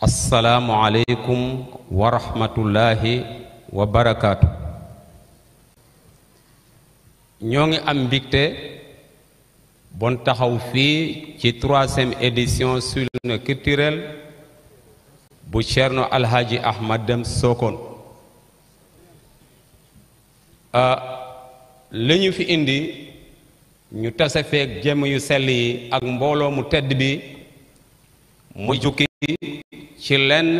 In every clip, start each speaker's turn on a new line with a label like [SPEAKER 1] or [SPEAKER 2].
[SPEAKER 1] asalaamualeykum wa rahmatullahi wa ñoo ngi am mbégte bon taxaw fii ci troisième édition Semaine culturelle bu Cerno Alhaji Ahmad Dem Sokone ah, li ñu fi indi ñu tase feek jëm yu sell yi ak mbooloo mu tedd bi mu jukki ci lenn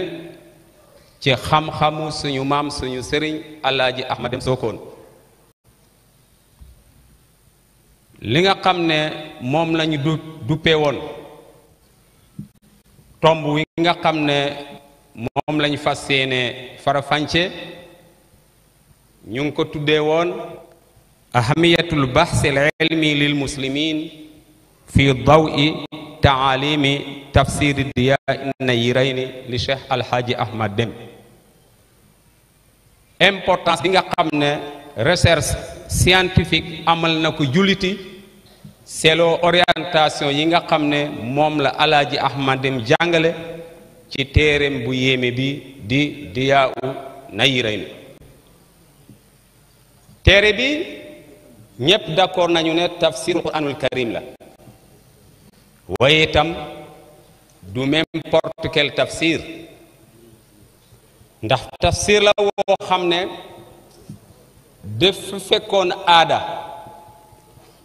[SPEAKER 1] ci xam-xamu suñu maam suñu sëriñ alaaji ahmad dem sookoon li nga xam ne moom lañu du duppee woon tomb wi nga xam ne moom lañu fas yéene farafànce ñu ngi ko tuddee woon ahamiyatul bahsil ilmi lil muslimin fi dawi taalimi tafsiri diyaa nayrayni li cheikh alhaaji ahmad dem importance bi nga xam ne recherche scientifique amal na ko julliti selo orientation yi nga xam ne moom la alaaji ahmad dem jàngale ci téereem bu yéeme bi di diyaa nayrayni téere bi ñépp d'accord nañu ne tafsir quranul karim la waaye du n'importe quel tafsir ndax tafsir la woo xam ne dafa fekkoon aada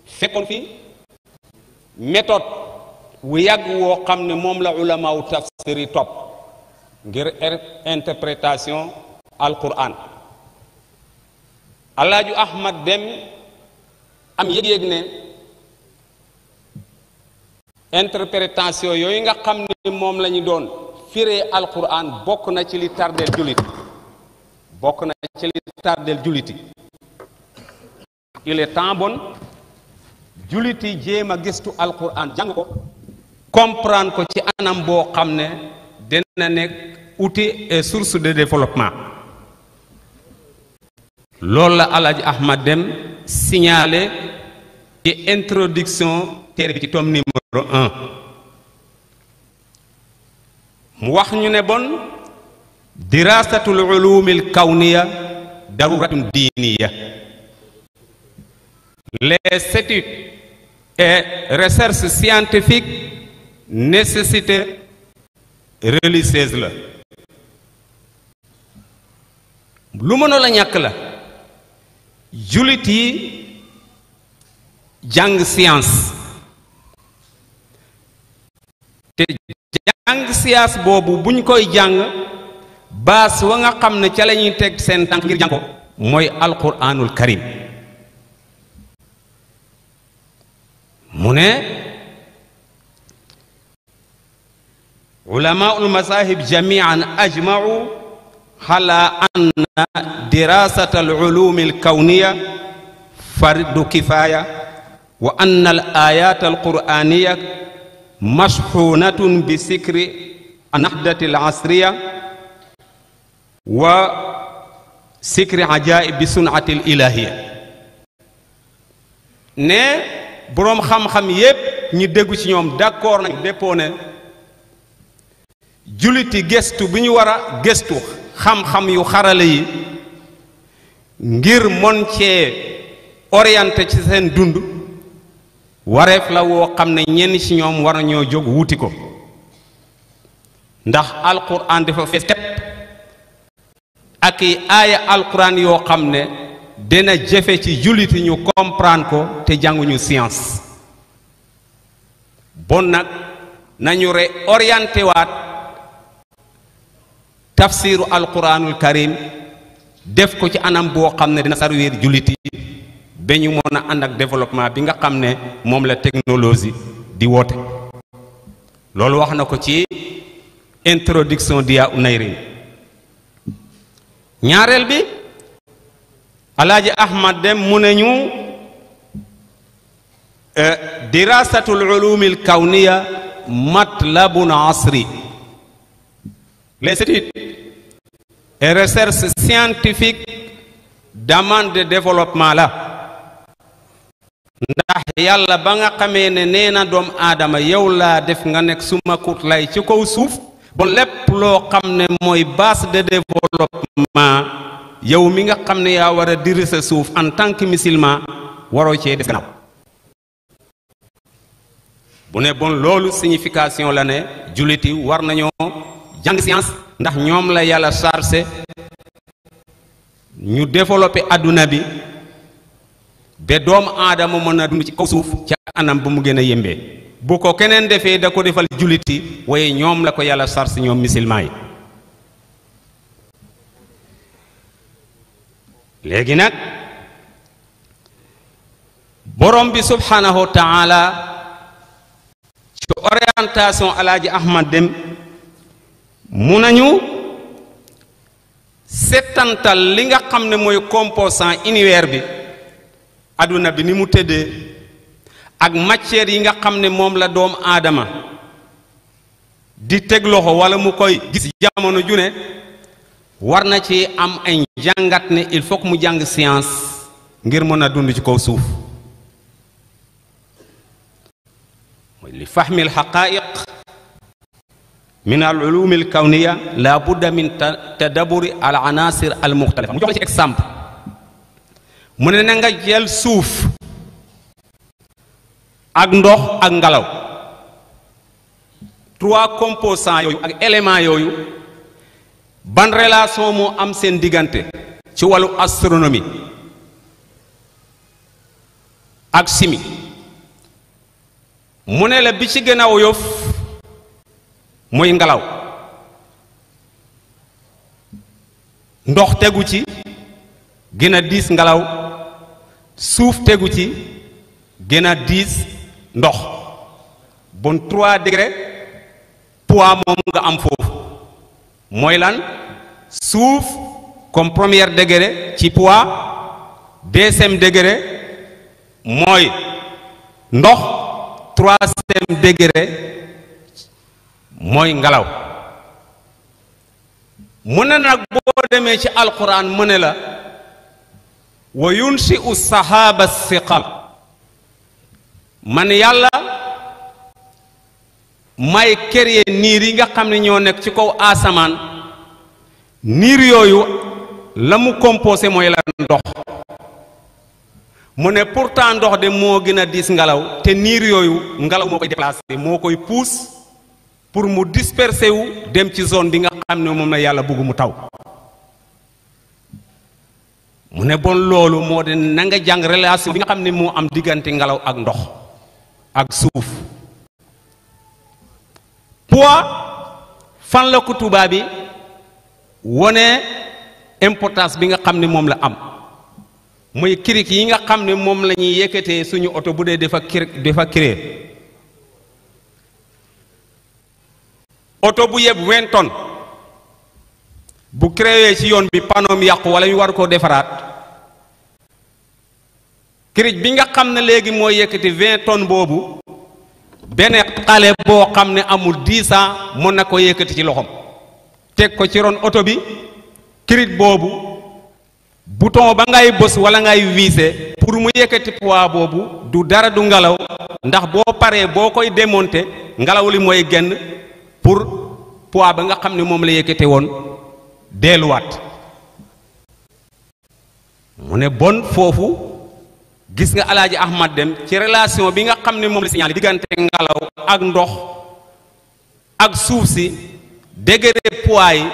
[SPEAKER 1] fekkoon fi méthode wu yàgg woo xam ne moom la ulamaaw tafsir yi topp ngir er-, interprétation alquran alaaju ahmad dem am yëg-yëg ne interprétation yooyu nga xam ni moom la ñu doon firee alquran bokk na ci li tardeel jullit bokk na ci li tardeel julliti il est temps julliti jéem a gëstu alquran jàng ko comprendre ko ci anam boo xam ne dina nekk outil et source de développement loolu la Alaaji Ahmad Dem signalé ci introduction téere bi ci tom ni mu wax ñu ne bon dirasatul ulumil kawniya daruratun diiniya les études et recherches scientifiques nécessité religieuse la lu mëno la ñàkk la jullit yi jàng science jàng siyaas boobu buñ koy jàng baas wa nga xam ne ca la teg seen tànk ngir ko mooy alquranul karim mu ne ulamaul masahib jamian ajmau ala anna dirasata alulum alkawniya fardu kifaya wa anna al ayat alquraniya mashxuunatun bi sikri nahdati al asriya wa sikri ajaib bi sunati al ilahiya ne boroom xam-xam yépp ñi déggu ci ñoom d'accord nañ déppoo ne julliti gëstu bi ñu war a gëstu xam-xam yu xarale yi ngir mën ci oriente ci seen dund wareef la woo xam ne ñenn ci ñoom war nañoo jóg wuti ko ndax alquran dafa fees tepp ak i aaya alquran yoo xam ne dina jëfe ci jullit ñu comprendre ko te jànguñu science bon nag nañu réorienté waat tafsiru alquranul karim def ko ci anam boo xam ne dina sarwiir jullit yi ba ñu a ànd ak développement bi nga xam ne moom la technologie di woote loolu wax na ko ci introduction Dia Ounayri ñaareel bi alhaji ahmad dem mu ne ñu euh, dirasatul ulumil kawniya matlabun asri les études et recherches scientifiques demande de développement la ndax yàlla ba nga xamee ne nee na doom aadama yow laa def nga nekk suma kut lay ci kaw suuf bon lépp loo xam ne mooy base de développement yow mi nga xam ne yaa war a diri sa suuf en tant que musulman waroo cee def gannaaw bu ne bon loolu signification la ne jullit war nañoo jàng science ndax ñoom la yàlla chargé ñu développé àdduna bi ba doomu aadama mën a dund ci kaw suuf ci anam bu mu gën a yembee bu ko keneen defee da ko defal jullit yi ñoom la ko yàlla sar si ñoom musulman léegi nag borom bi subhanahu wa taala ci orientation alaaji ahmad dem mu nañu settantal li nga xam ne mooy composant univers bi adduna bi ni mu tëddee ak matière yi nga xam ne moom la doomu aadama di teg loxo wala mu koy gis jamono ju ne war na ci am ay jàngat ne il faut mu jàng science ngir mën a dund ci kaw suuf mooy li fahmi al xaqaiq min al ulum al kawniya la budda min tadaburi al anasir al muxtalifa mu jox la ci exemple mu ne na nga jël suuf ak ndox ak ngelaw trois composants yooyu ak éléments yooyu ban relation moo am seen diggante ci wàllu astronomie ak simi mu ne la bi ci gën a woyof muy ngelaw ndox tegu ci gën a diis ngelaw suuf tegu ci gën a diis ndox bon 3 degré poids moom nga am foofu mooy lan suuf comme première degré ci pois deuxième degré mooy ndox troisième degré mooy ngelaw mu ne nag boo demee ci alxuraan mu ne la wa si u sahaba siqal man yàlla may créer niir yi nga xam ne ñoo nekk ci kaw asamaan niir yooyu la mu composé mooy la ndox mu ne pourtant ndox de moo gën a diis ngelaw te niir yooyu ngelaw moo koy déplacé moo koy puus pour mu disperser wu dem ci zone bi nga xam ne moom la yàlla bëgg mu taw mu ne bon loolu moo de nanga nga jàng relation bi nga xam ne moo am diggante ngelaw ak ndox ak suuf poids fan la ko tubaab bi wone importance bi nga xam ne moom la am mooy kirik yi nga xam ne moom la ñuy yëkkatee suñu oto bu dee dafa kirik dafa kiree oto bu yeb wenton bu créé ci yoon bi panoom yàqu wala yu war koo defaraat kirij bi nga xam ne léegi mooy yëkkati vingt tonnes boobu benn xale boo xam ne amul dix ans mën na ko yëkkati ci loxoom teg ko ci ron oto bi kirij boobu bouton ba ngay bës wala ngay visé pour mu yëkkati poids boobu du dara du ngelaw ndax boo paree boo koy démonté ngelaw li mooy genn pour poids ba nga xam ne moom la yëkkate woon delluwaat mu ne bon foofu gis nga alaaji ahmad dem ci relation bi nga xam ne moom la signalé diggante ngelaw ak ndox ak suuf si degré poids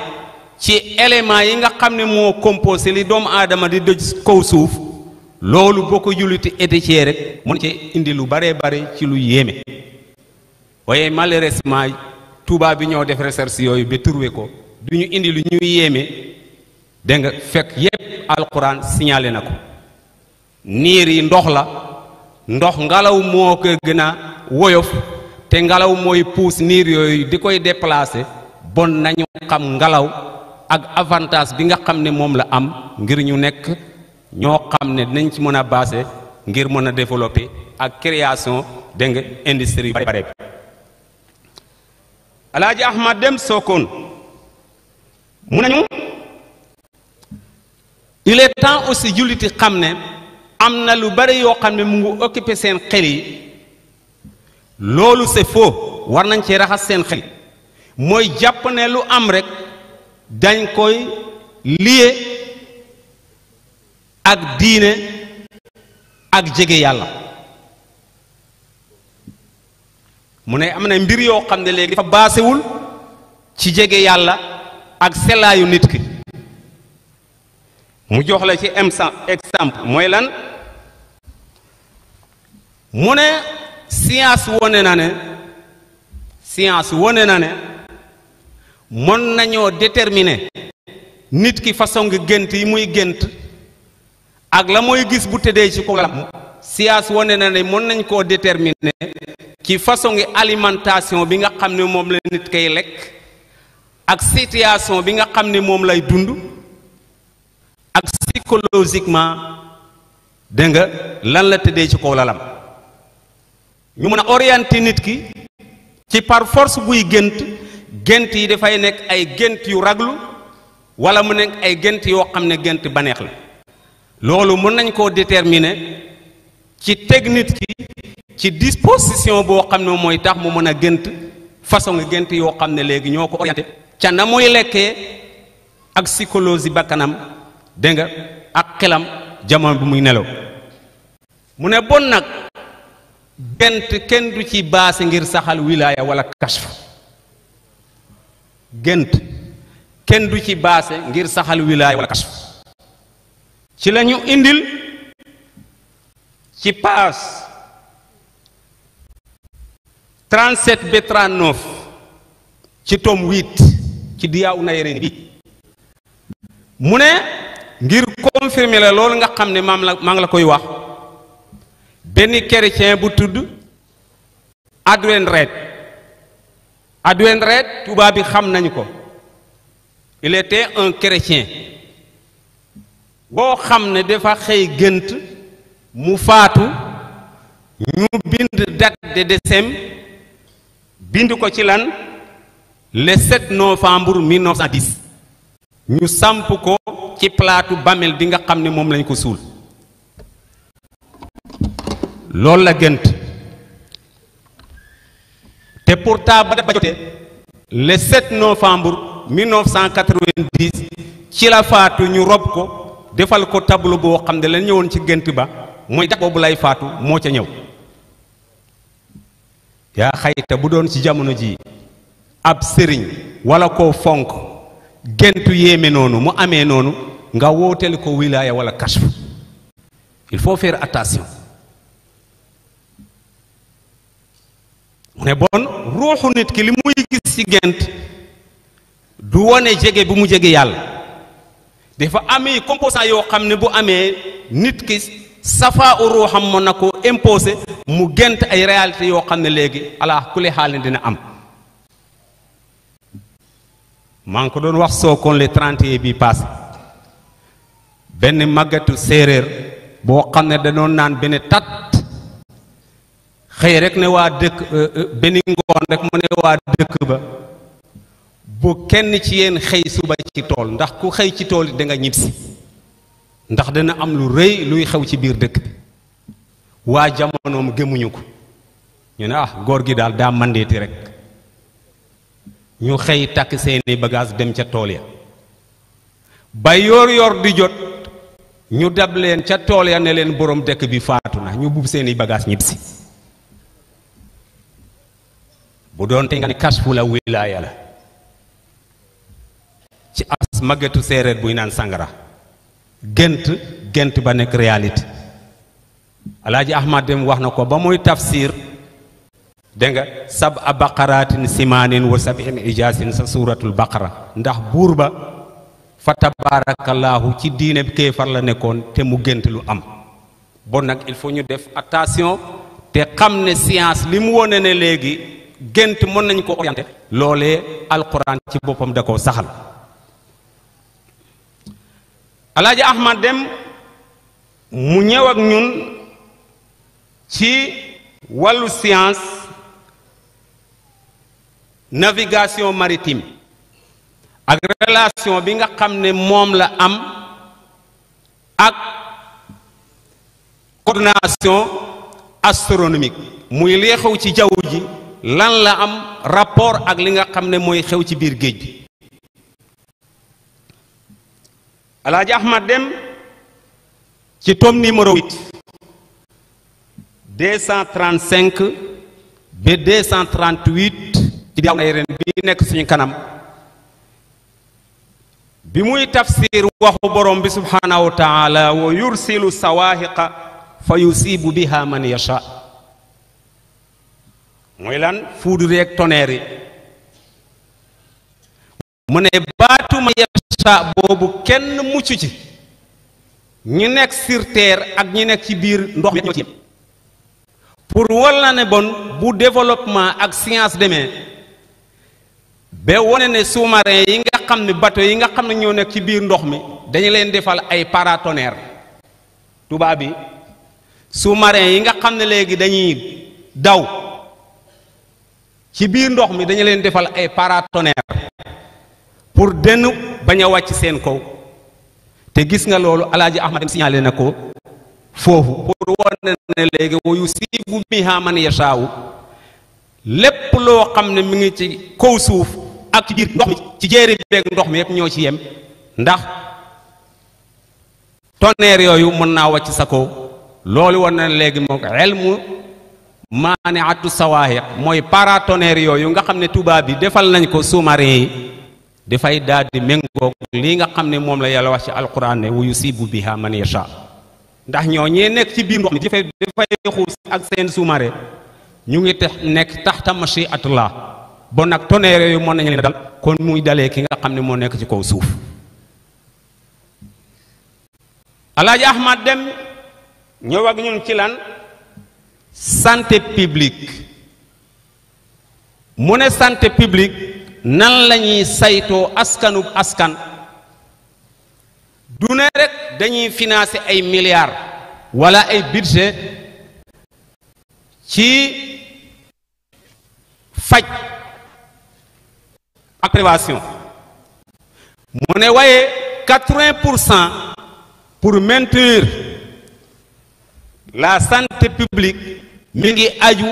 [SPEAKER 1] ci élément yi nga xam ne moo composé li doomu aadama di doj kaw suuf loolu boo ko julliti étiquette rek mun ne ci indi lu bare bare ci lu yéeme waaye malheureusement tubaab bi ñoo def recherche yooyu ba trouvé ko du ñu indi lu ñuy yéeme dégg fekk yépp alquran signalé na ko niir yi ndox la ndox ngelaw moo ko gën a woyof te ngelaw mooy puus niir yooyu di koy déplacer bon nañu xam ngelaw ak avantage bi nga xam ne moom la am ngir ñu nekk ñoo xam ne dinañ ci mën a basé ngir mën a développer ak création dégg nga industrie bare bi alaaji ahmad dem sookoon mu nañu il est temps aussi julliti xam ne am na lu bari yoo xam ne mu ngi occupé seen xel yi loolu c'est faux war nañ ci raxas seen xel mooy jàpp ne lu am rek dañ koy lié ak diine ak jege yàlla mu ne am na mbir yoo xam ne léegi dafa baasewul ci jege yàlla ak sellaayu nit ki mu jox la ci exemple mooy lan mu ne science wone na ne science wone na ne mën nañoo déterminer nit ki façon gi gént yi muy gént ak la mooy gis bu tëddee ci ko lam science wone na ne mën nañ koo détermine ci façon gi alimentation bi nga xam ne moom la nit kay lekk ak situation bi nga xam ne moom lay dund ak psychologiquement dégg nga lan la tëddee ci ko lalam ñu mën a orienter nit ki ci par force buy gént gént yi dafay nekk ay gént yu raglu wala mu nekk ay gént yoo xam ne gént baneex la loolu mën nañ koo déterminer ci teg nit ki ci disposition boo xam ne mooy tax mu mën a gént façon gént yoo xam ne léegi ñoo ko orienté ca na muy lekkee ak psychologie bakkanam dégg nga ak xelam jamono bi muy nelaw mu ne bon nag gént kenn du ci baase ngir saxal wilaaya wala kashf kenn du ci baase ngir saxal wilaaya wala lañu indil ci paas 37 ba 39 ci tome 8 ci diyaaw Nayreeni bi mu ne ngir confirmer la loolu nga xam ne maam la maa ngi la koy wax benn chrétien bu tudd Adwen Red Adwen Red tubaab bi xam nañu ko il était un chrétien boo xam ne dafa xëy gënt mu faatu ñu bind date de décès bind ko ci lan le 7 novembre 1910 ñu samp ko ci palaatu bàmmeel bi nga xam ne moom lañ ko suul loolu la gént te pourtant ba dafa jotee le 7 novembre 1990 ci la faatu ñu rob ko defal ko tableau boo xam ne la ñëwoon ci gént ba mooy date boobu lay faatu moo ca ñëw yaa xayta bu doon ci jamono jii ab sëriñ wala koo fonk gentu yéeme noonu mu amee noonu nga wooteel ko wilaaya wala kas il faut faire attention mu ne bon ruuxu nit ki li muy gis ci gént du wone jege bu mu jege yàlla dafa amee composant yoo xam ne bu amee nit ki safaa u ruuxam mën na ko imposé mu gént ay réalité yoo xam ne léegi ala kulli xaal dina am maa ngi ko doon wax Sokone le 31 bi passé benn màggatu séeréer boo xam ne danoon naan benn tat xëy rek ne waa dëkk euh, euh, benn ngoon rek mu ne waa dëkk ba bu kenn ci yenn xëy suba ci tool ndax ku xëy ci tool yi da ñibbisi ndax dana am lu rëy luy xew ci biir dëkk bi waa jamonoom gémmuñu ko ñu ne ah góor gi daal daa mandeeti rek ñu xëy takk seeni bagage dem ca tool ya ba yoor yoor di jot ñu dab leen ca tool ya ne leen boroom dëkk bi faatu na ñu bub seeni bagaas ñibbisi bu doonte nga ne kasfu la wilaaya la ci as màggetu séeréer buy naan sàngara gént gént ba nekk réalité alaaji ahmad dem wax na ko ba muy tafsir dégg nga sab a baqaraatin simaanin wa sab'in ijaasin sa suuratul baqara ndax buur ba fa tabaarakallaahu ci diine kéefar la nekkoon te mu gént lu am bon nag il faut ñu def attention te xam ne science li wone ne léegi gént mën nañ ko loole loolee alquran ci boppam da koo saxal alaaji ahmad dem mu ñëw ak ñun ci wàllu science navigation maritime ak relation bi nga xam ne moom la am ak coordination astronomique muy leexew ci jaww ji lan la am rapport ak li nga xam ne mooy xew ci biir géej bi alaaji ahmad dem ci tome numéro 8 235 ci diwaan ay ren bii nekk suñu kanam bi muy tafsir waxu borom bi subhaanahu wa taala wa yursilu sawaahiqa fa yusibu biha man yasha mooy lan fuudi reeg mu ne baatu man boobu kenn mucc ci ñi nekk sur ak ñi nekk ci biir ndox mi ci pour walla ne bon bu développement ak science demee ba wane ne sous yi nga xam ne bateau yi nga xam ne ñoo nekk ci biir ndox mi dañu leen defal ay paratonnerre tubaab yi sous yi nga xam ne léegi dañuy daw ci biir ndox mi dañu leen defal ay paratonnerre pour dënn baña wàcc seen kow te gis nga loolu alaaji ahmad signalé na ko foofu pour wane ne léegi wayu siibu bihaa man yashaawu lépp loo xam ne mu ngi ci kow suuf ak ci biir ndox mi ci jéeri beeg ndox mi yëpp ñoo ci yem ndax tonneer yooyu mën naa wàcc sa kow loolu war na léegi moom elmu maaniatu sawaahiq mooy paratonnerre yooyu nga xam ne tubaab yi defal nañ ko sous-marin yi dafay daal di méngoog lii nga xam ne moom la yàlla wax ci alquran ne wuyu sibu biha man ndax ñoo ñee nekk ci biir ndox mi dafay xuus ak seen sous ñu ngi te nekk tax taxta mashiatullah bon nag tonnerre yooyu mën nañu leen dal kon muy dalee ki nga xam ne moo nekk ci kaw suuf alaaji ahmad dem ñëw ak ñun ci lan santé publique mu ne santé publique nan lañuy saytoo askanub askan du ne dañuy financer ay milliards wala ay budget ci faj ak mu ne waaye quatre-vingts pour cent pour maintenir la santé publique mi ngi aju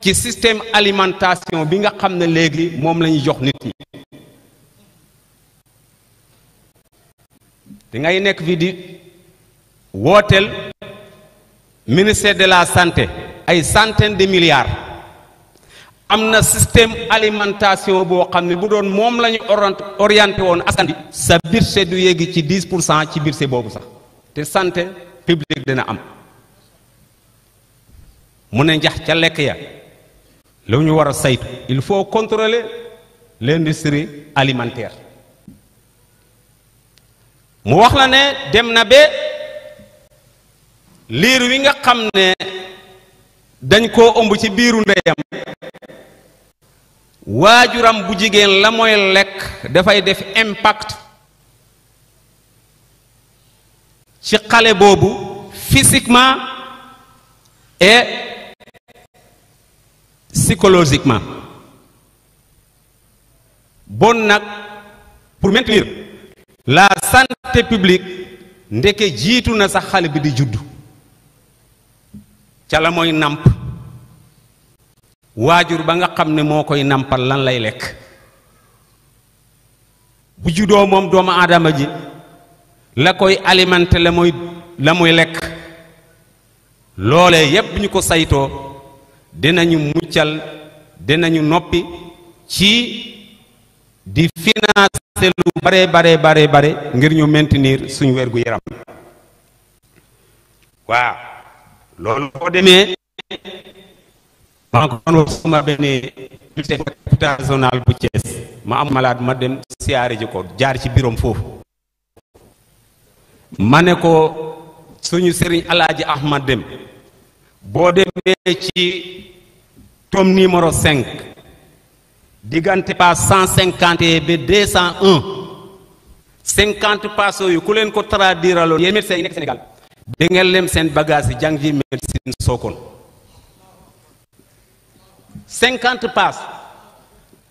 [SPEAKER 1] ci système alimentation bi nga xam ne léegi moom la ñu jox nit ñi da ngay nekk fii di wooteel ministère de la santé ay centaines de milliards am na système alimentation boo xam ne bu doon moom la ñu orienté woon askan sa budget du yéegi ci 10 pour cent ci budget boobu sax te santé publique dina am mu ne njax ca lekk ya lu ñu war a saytu il faut contrôler l'industrie alimentaire mu wax la ne dem na ba liir wi nga xam ne dañ koo ëmb ci biiru ndeyam waajuram bu jigéen la mooy lekk dafay def impact ci xale boobu physiquement et psychologiquement bon nag pour maintenir la santé publique ndeke jiitu na sax xale bi di juddu ca la mooy nàmp waajur ba nga xam ne moo koy nampal lan lay lekk bu judoo moom doomu aadama ji la koy aliment la muy la muy lekk loolee yépp ñu ko saytoo dinañu muccal dinañu noppi ci di financer lu bare bare bare bare ngir ñu maintenir suñu wér gu yaram waaw loolu boo demee maa ngi ko doon wax sama benn bulletin hôpital bu Thiès ma am ma dem siyaare ji ko jaar ci biroom foofu ma ne ko suñu sëriñ alaaji ahmad dem boo demee ci tome numéro cinq diggante page cent cinquante et ba deux ku leen ko traduiraloon yéen médecins yi nekk Sénégal da ngeen lem seen bagage yi jàng ji médecine Sokone cinquante paas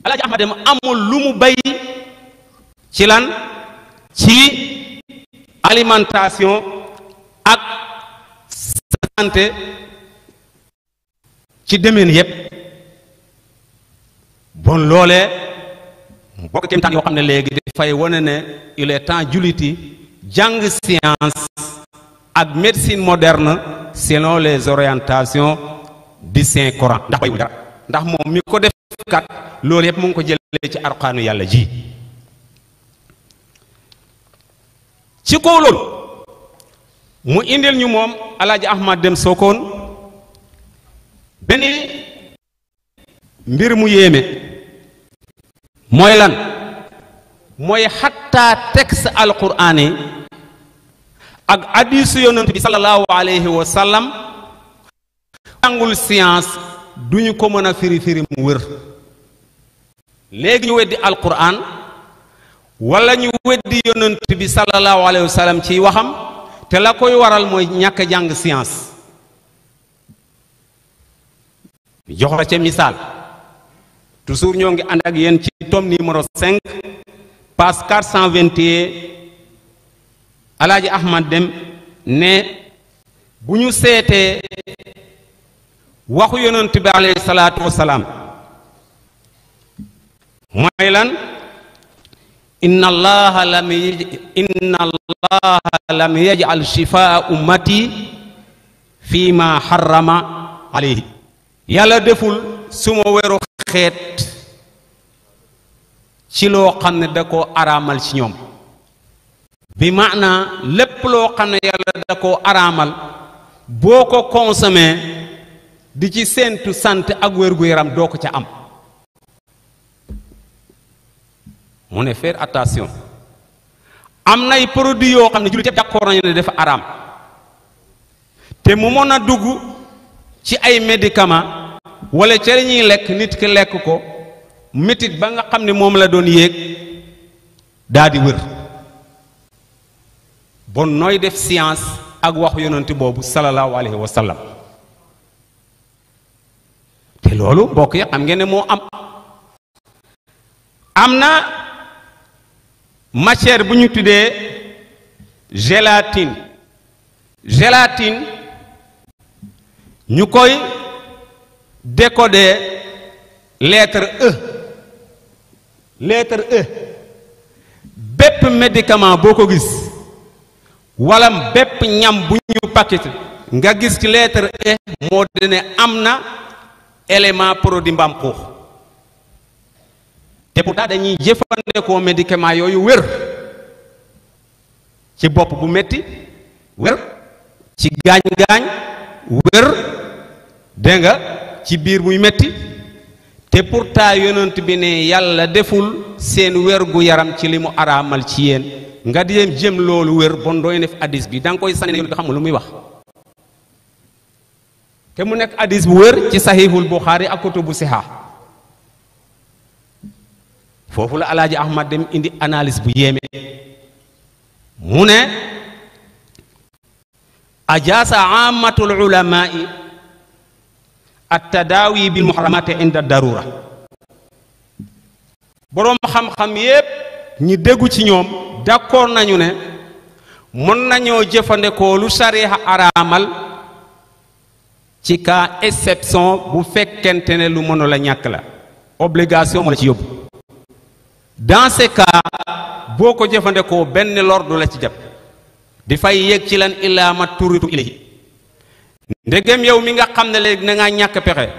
[SPEAKER 1] alaaji ahmad dem amul lu mu bay ci lan ci alimentation ak ci demeen yépp bon loole mu bokk kéemtaan yoo xam ne léegi dafay wane ne il est temps julliti jàng science ak médecine moderne selon les orientations du Saint Coran ndax bayiwul ndax moom mi ko def kat loolu yëpp mu ngi ko jëlee ci arqaanu yàlla ji ci kaw loolu mu indil ñu moom alaaji ahmad dem sookoon benn mbir mu yéeme mooy lan mooy xatta texte alquraan yi ak hadiisu yonent bi sallallahu alayhi wa sallam science duñu ko mën a firi firi mu wér léegi ñu weddi alquran wala ñu weddi yonent bi sallallahu alayhi wa sallam waxam te la koy waral mooy ñàkk jàng science jox la ca misaal toujours ñoo ngi ànd ak yéen ci tome numéro 5 page 421 alaaji ahmad dem ne bu ñu seetee waxu yonent bi alayhi salaatu wasalaam mooy lan inna allaha lam inna allaha lam yaj'al shifaa ummati fi ma harrama alayhi deful suma weru xeet ci loo ne da koo araamal ci ñoom bi maana lépp loo xam ne yàlla da koo araamal boo ko consommé di ci seentu sant ak wér-gu-yaram doo ko ca am mu ne faire attention am nay produit yoo xam ne jullit ca d'accord nañu ne dafa araam te mu mën a dugg ci ay médicament wala ca ñuy lekk nit ki lekk ko métit ba nga xam ne moom la doon yéeg daa di wër bon nooy def science ak wax yonent boobu sallallahu alayhi wa sallam loolu bokk yi xam ngeen moo am na matière bu ñu tuddee gélatine gélatine ñu koy décoder lettre E lettre E bépp médicament boo ko gis wala bépp ñam bu ñu paquet nga gis ci lettre E moo dene am na élément produit mbaam xuux te pourtant dañuy jëfandikoo médicament yooyu wér ci bopp bu metti wér ci gaañ-gaañ wér dégg nga ci biir muy metti te pourtant yonent bi ne yàlla deful seen wér gu yaram ci li mu araamal ci yéen nga di jëm loolu wér bon dooy def addis bi da nga koy sànni na yonent bi xamul lu muy wax te mu nekk adis bu wér ci saxiixul buxaari ak kutubu siha foofu la alaaji ahmad dem indi analis bu yéeme mu ne ajaasa aamatul ulamai attadaawi bil muharramati inda darura boroom xam-xam yépp ñi déggu ci ñoom d'accord nañu ne mën nañoo jëfandikoo lu sariixa araamal ci cas exception bu fekkente ne lu mënul a ñàkk la obligation moo la ci yóbbu dans ce cas boo ko jëfandikoo benn lor la ci jàpp di fay yéeg ci lan illaa ma turitu ilayhi ndegem yow mi nga xam ne léegi na ñàkk pexe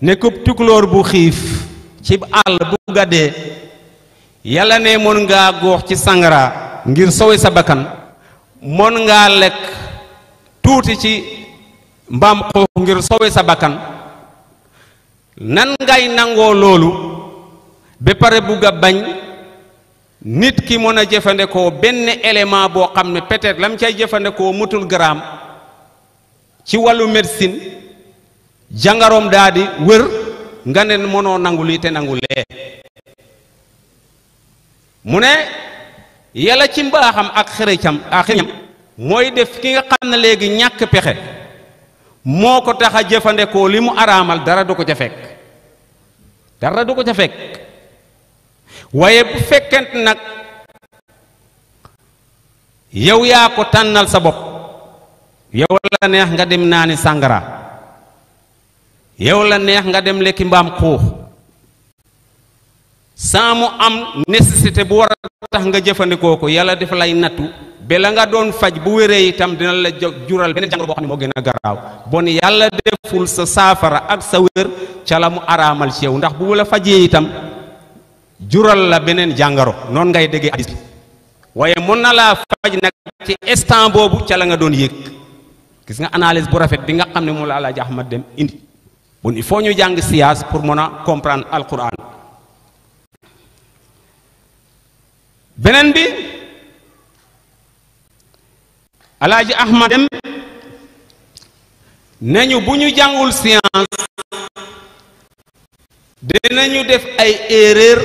[SPEAKER 1] nekkub tukulóor bu xiif ci àll bu gàddee yàlla ne mën nga góox ci sàngara ngir sowe sa bakkan mën ngaa lekk tuuti ci mbaam xuux ngir sowe sa bakkan nan ngay nangoo loolu ba pare bugg a bañ nit ki mën a jëfandikoo benn élément boo xam ne peut lam cay jëfandikoo mutul garaam ci wàllu médecine jàngaroom daadi wër nga ne mënoo nangu lii te nangu lee mu ne yàlla ci mbaaxam ak xërëcam ak xërëcam mooy def ki nga xam ne léegi ñàkk pexe moo ko tax a jëfandikoo li mu araamal dara du ko ca fekk dara du ko ca fekk waaye bu fekkent nag yow yaa ko tànnal sa bopp yow la neex nga dem naani sàngara yow la neex nga dem lekki mbaam xuux saa mu am nécessité bu war a tax nga jëfandikoo ko yàlla def lay nattu ba la nga doon faj bu wéree itam dina la jural beneen jàngoro boo xam ne moo gën a garaaw bon yàlla deful sa saafara ak sa wér ca la mu araamal ci ndax bu la fajee itam jural la beneen jàngoro noonu ngay déggee addis bi waaye mën na laa faj nag ci instant boobu ca la nga doon yëg gis nga analyse bu rafet bi nga xam ne moom la Alaaji Ahmad Dem indi bon il faut ñu jàng siyaas pour mën a comprendre alquran beneen bi alaaji ahmad dem nañu bu ñu jàngul science ñu def ay erreur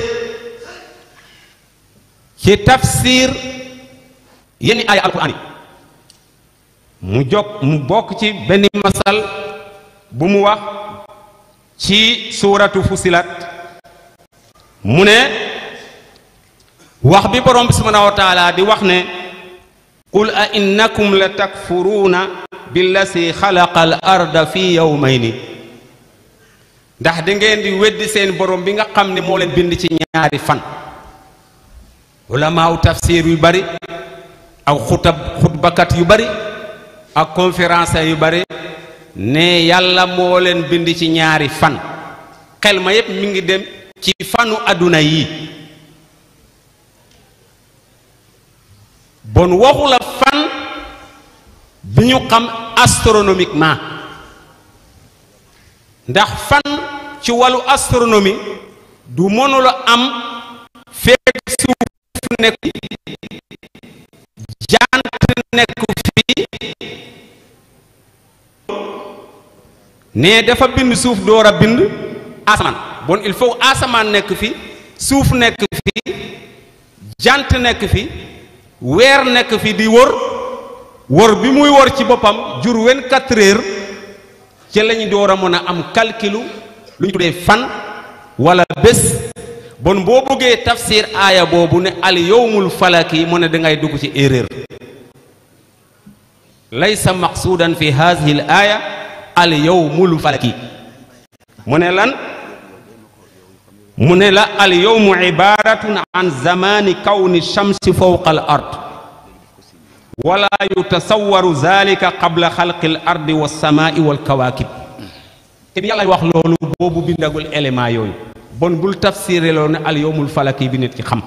[SPEAKER 1] ci tafsir yenn aaya alquraan mu jog mu bokk ci benn masal bu mu wax ci suuratu fusilat mu ne wax bi borom bi subhaanahu di wax ne qul a innakum la takfuruuna billasi si al arda fi yawmayni ndax da ngeen di weddi seen borom bi nga xam ne moo leen bind ci ñaari fan ulamaaw tafsir yu bari ak xutab xutbakat yu bari ak conférence yu bari ne yàlla moo leen bind ci ñaari fan xel ma yépp mi ngi dem ci fanu àdduna yi bon waxu la fan bi ñu xam astronomiquement ndax fan ci wàllu astronomie du mënula am fekk suuf nekk jant nekk fii ne dafa bind suuf door a bind asamaan bon il faut asamaan nekk fi suuf nekk fi jant nekk fi weer nekk fi di wër wër bi muy wër ci boppam jur 24 heures ci lañu door a mën a am calculu lu ñu tuddee fan wala bés bon boo bëggee tafsir aaya boobu ne al yowmul falaki mu ne dangay dugg ci erreur laysa maqsuudan fi haadihi al aaya al falaki mu ne lan mu ne la al yowmu ibaratun an zamani kawni shamsi fawqa al ard wala yutasawaru zalika qabla xalqi al ardi walsamaai walkawakib te bi yàlla wax loolu boobu bindagul élément bon bul tafsiré loo ne al yowmul bi nit ki xam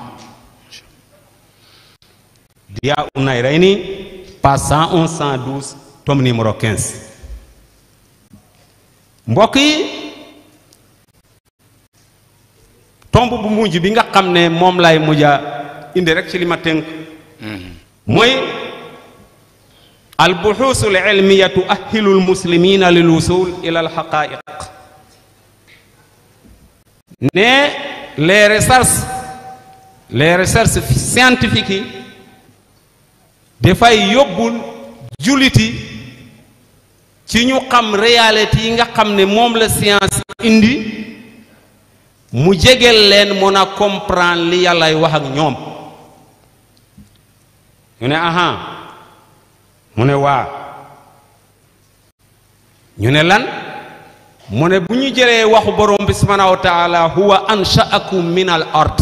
[SPEAKER 1] Diya un-Nayraini page 111 112 tome numéro 15 mbokk yi tomb bu mujj bi nga xam ne moom laay mujja indi rek ci lima ma tënk mm-hmm. mooy al buxuusu al ilmiya tuahilu al muslimina lil wusul ila al xaqaiq ne les recherches les recherches scientifiques yi dafay yóbbul juliti ci ñu xam réalité yi nga xam ne moom la science indi mu jege leen mën a comprendre li yàllay wax ak ñoom ñu ne ahan mu ne waa ñu ne lan mu ne bu ñu jëlee waxu borom bi subhanahu wa taala huwa anshaakum min al ard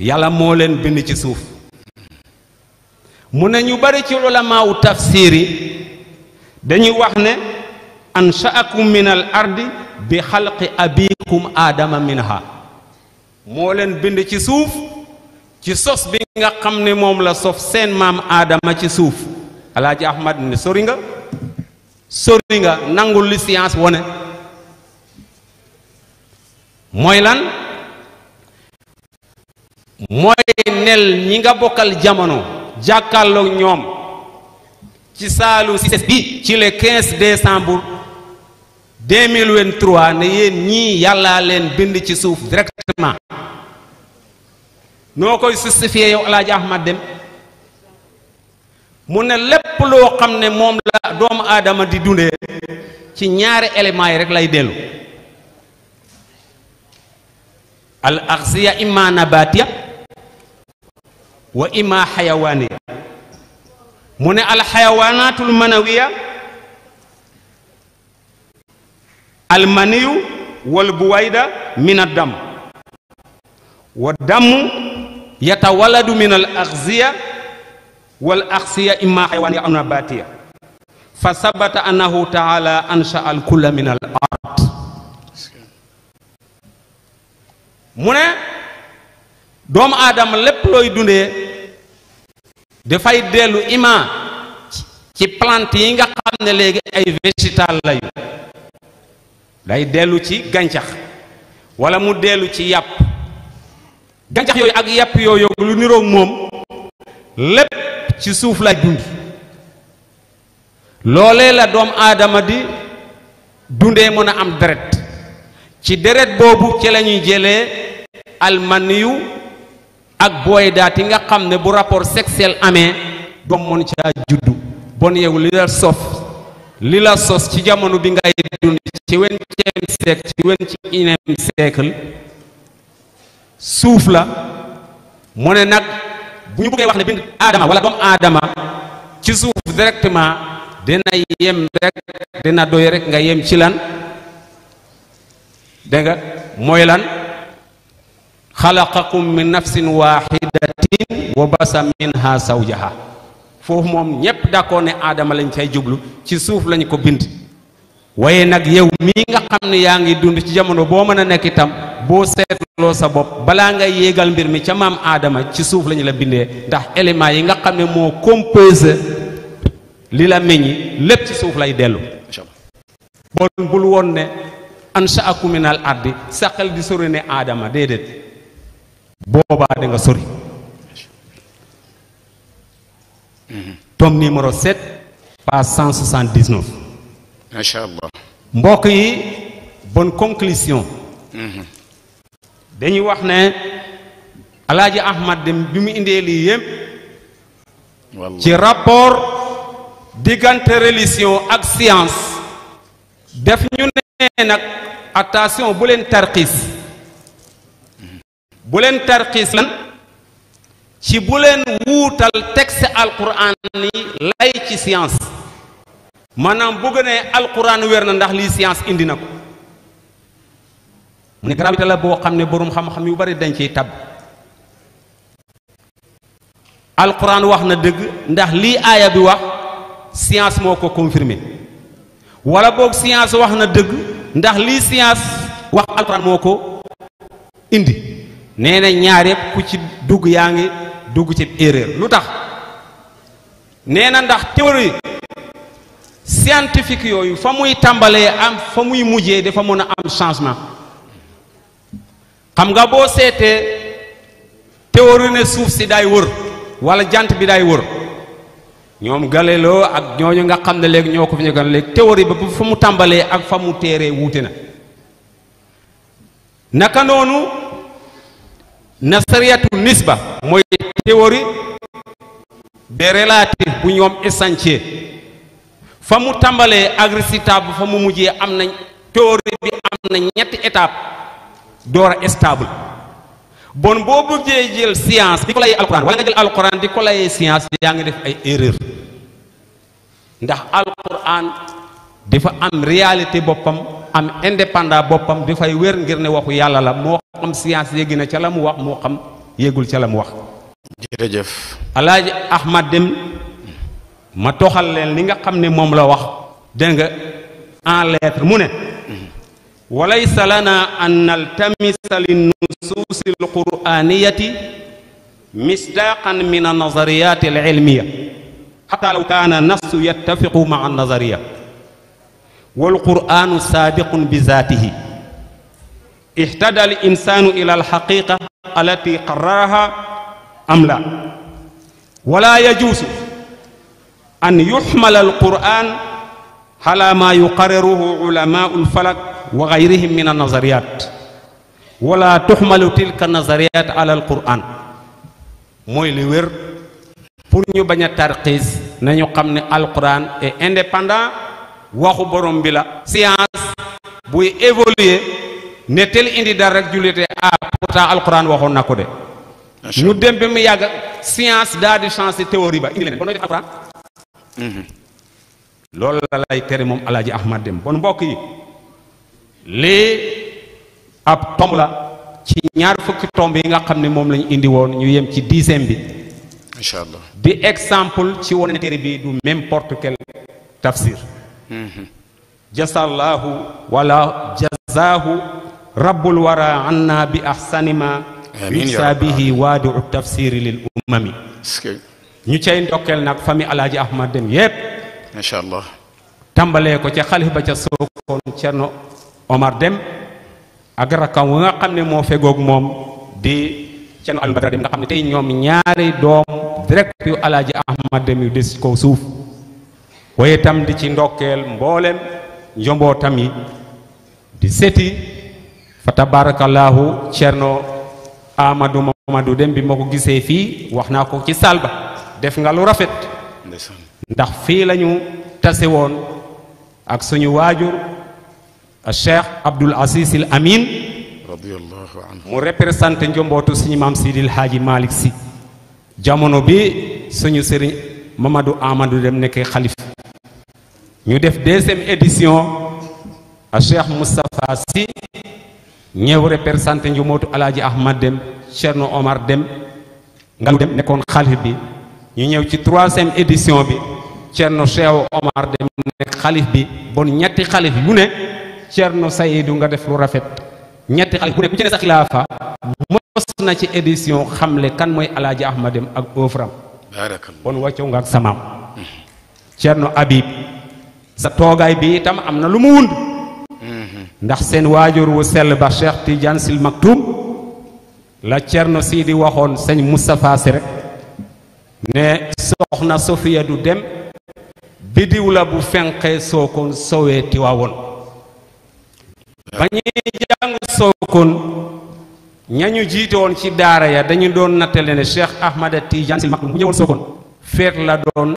[SPEAKER 1] yàlla moo leen bind ci suuf mu ne ñu bari ci ulamaawu tafsir yi dañuy wax ne ansaakum min al ardi bi xalqi abikum aadama minha moo leen bind ci suuf ci sos bi nga xam ne moom la sof seen maam aadama ci suuf alaaji ahmad ne sori nga sori nga nangul li wone mooy lan mooy nel ñi nga bokkal jamono jàkkaarloo ñoom ci saalu si bi ci le 15 décembre 2023 ne yéen ñii yàllaa leen bind ci suuf directement noo koy justifié yow alaaji ahmad dem mu ne lépp loo xam ne moom la doomu aadama di dundee ci ñaari éléments yi rek lay dellu al axsiya imma wa imma xayawaaniya mu ne al xayawaanatul manawiya almaniyu wal buwayda min ad-dam wa damu yatawaladu min al axziya wal axsiya imma xaywaniya aw nabatiya fa sabata annahu taala ansha al min al mu ne doomu aadama lépp looy dundee dafay dellu ima ci plant yi nga xam ne léegi ay végétal day dellu ci gàncax wala mu dellu ci yàpp gàncax yooyu ak yàpp yooyu lu niroog moom lépp ci suuf lay dund loolee la doom aadama di dundee mën a am deret ci deret boobu ci la ñuy jëlee almaniyu ak booy daat yi nga xam ne bu rapport sexuel amee doom mën caa juddu bon yow li la sof li la sos ci jamono bi ngay dund ci vingtième siècle ci vingt-et-unième siècle suuf la mu ne nag bu ñu bëggee wax ne bind aadama wala doomu aadama ci suuf directement dina yem rek dina doy rek nga yem ci lan dégg nga mooy lan xalaqakum min nafsin waxidatin wa basa minha zawjaha foofu moom ñépp ñëpp d'accord ne aadama lañ cay jublu ci suuf lañu ko bind waaye nag yow mii nga xam ne yaa ngi dund ci jamono boo mën a nekk itam boo seetloo sa bopp balaa ngay yéegal mbir mi ca maam aadama ci suuf lañu la bindee ndax éléments yi nga xam ne moo composé li la meññi lépp ci suuf lay dellu bon woon ne ansha'akum minal ardi saqal di sori aadama déedéet boobaa da nga sori tome numéro 7 page 179. macha allah. mbokk yi bonne conclusion. Mhm. dañuy wax ne alaaji ahmad dem bi mu indee lii yëpp ci rapport diggante religion ak science def ñu ne nag attention bu tarxiis mhm. bu tarxiis lan ci bu leen wuutal texte alquran yi lay ci science maanaam bu gënee alquran wér na ndax lii science indi na ko mu ne gravité la boo xam ne boroom xam-xam yu bari dañ ciy tabb alquran wax na dëgg ndax lii aaya bi wax science moo ko confirmé wala boog science wax na dëgg ndax lii science wax alquran moo ko indi nee ñaar yëpp ku ci dugg yaa ngi dugg ci erreur lu tax nee na ndax théorie scientifique yooyu fa muy tàmbalee am fa muy mujjee dafa mën a am changement xam nga boo seetee théorie ne suuf si daay wër wala jant bi daay wër ñoom Galileo ak ñooñu nga xam ne léegi ñoo ko fi ñu gën léegi théorie ba fa mu tàmbalee ak fa mu téeree wuute na naka noonu nasariyatu nisba mooy théorie des relatifs bu ñoom essentiel fa mu tàmbalee ak fa mu mujjee am na théorie bi am na ñetti étape door a stable bon boo bëggee jël science di ko layee alquran wala nga jël alquran di ko layee science yaa ngi def ay erreur ndax alquran fa am réalité boppam am indépendant boppam dafay wér ngir ne waxu yàlla la moo xam science yéggi na ca la mu wax moo xam yégul ca la mu wax jërëjëf alaaji ahmad dem ma toxal leen li nga xam ne moom la wax dégg nga en lettre mu ne walaysa lana an naltamisa linnusuusi alquraaniyati misdaaqan min annazariyaati alilmiya xataa law kaana nassu yattafiqu maa annazariya walquraanu saabiqun bi zaatihi ihtada al insaanu ila alxaqiqa allati qararaha am la wala yajuusu an yuxmala alquran ala ma yuqarriruhu ulamau lfalak wa gayrihim min annazariyat wala tuxmalu tilka nazariyat ala alquran mooy li wér pour ñu bañ a tarxiis nañu xam ne alquran est indépendant waxu borom bi la science buy évoluer ne tel indi dara rek jullite ah pourtant alquran waxoon na ko de mu dem ba mu yàgg science daal di changé ba indi leneen ba nooy def mhm. tere moom alaaji ahmad dem bon mbokk yi lii ab tomb la ci ñaar fukki tomb yi nga xam ne moom lañu indi woon ñu yem ci dixième bi incha allah di exemple ci wane ne bi du n'importe quel tafsir mhm. jasallahu wala jazaahu rabbul wara anna bi ahsanima yujsa bihi waadiu tafsiri lil umami ñu cay ndokkeel nag fami alaaji ahmad dem yépp tàmbalee ko ca xalif ba ca sookoon cerno omar dem ak rakkam wa nga xam ne moo fegoog moom di cerno alioune dem nga xam ne tey ñoom ñaari doom direct yu alaaji ahmad dem yu des ko suuf waaye tam di ci ndokkeel mboolem njombootam yi di seti fa tabarakallahu cerno Amadou Mamadou Dem bi ma ko gisee fii wax naa ko ci saal ba def nga lu rafet ndax fii lañu tase woon ak suñu waajur Cheikh Abdoul Aziz Al Amin radiyallahu anhu mu représenté njombootu suñu maam Sidil Haaji malik si jamono bi suñu sëriñ Mamadou Amadou Dem nekk xalif ñu def deuxième édition Cheikh Moustapha Sy ñeewre per santé njumootu alaaji ahmad dem Cerno Omar dem ngalu dem nekkoon xalif bi ñu ñëw ci troisième édition bi Cerno Cheikh Omar dem nekk xalif bi bon ñetti xalif yu ne Cerno Saydu nga def lu rafet ñetti xalif bu ne ku ci ne sa xilaafa mos na ci édition xamle kan mooy alaaji ahmad dem ak offram kon wàcco nga ak samaam Cerno Habib sa toogaay bi itam am na lu mu wund ndax seen waajur wu sell ba Cheikh Tidiane Sil Maktoum la Cerno di waxoon sëñ Moustapha si rek ne soxna Sofiya du dem bidiw la bu fenqee Sokone sowee Tiwaawoon ba ñuy jàng Sokone ñañu jiite woon ci daara ya dañu doon nattale ne Cheikh Ahmada Tidiane Sil Maktoum bu ñëwoon Sokone feet la doon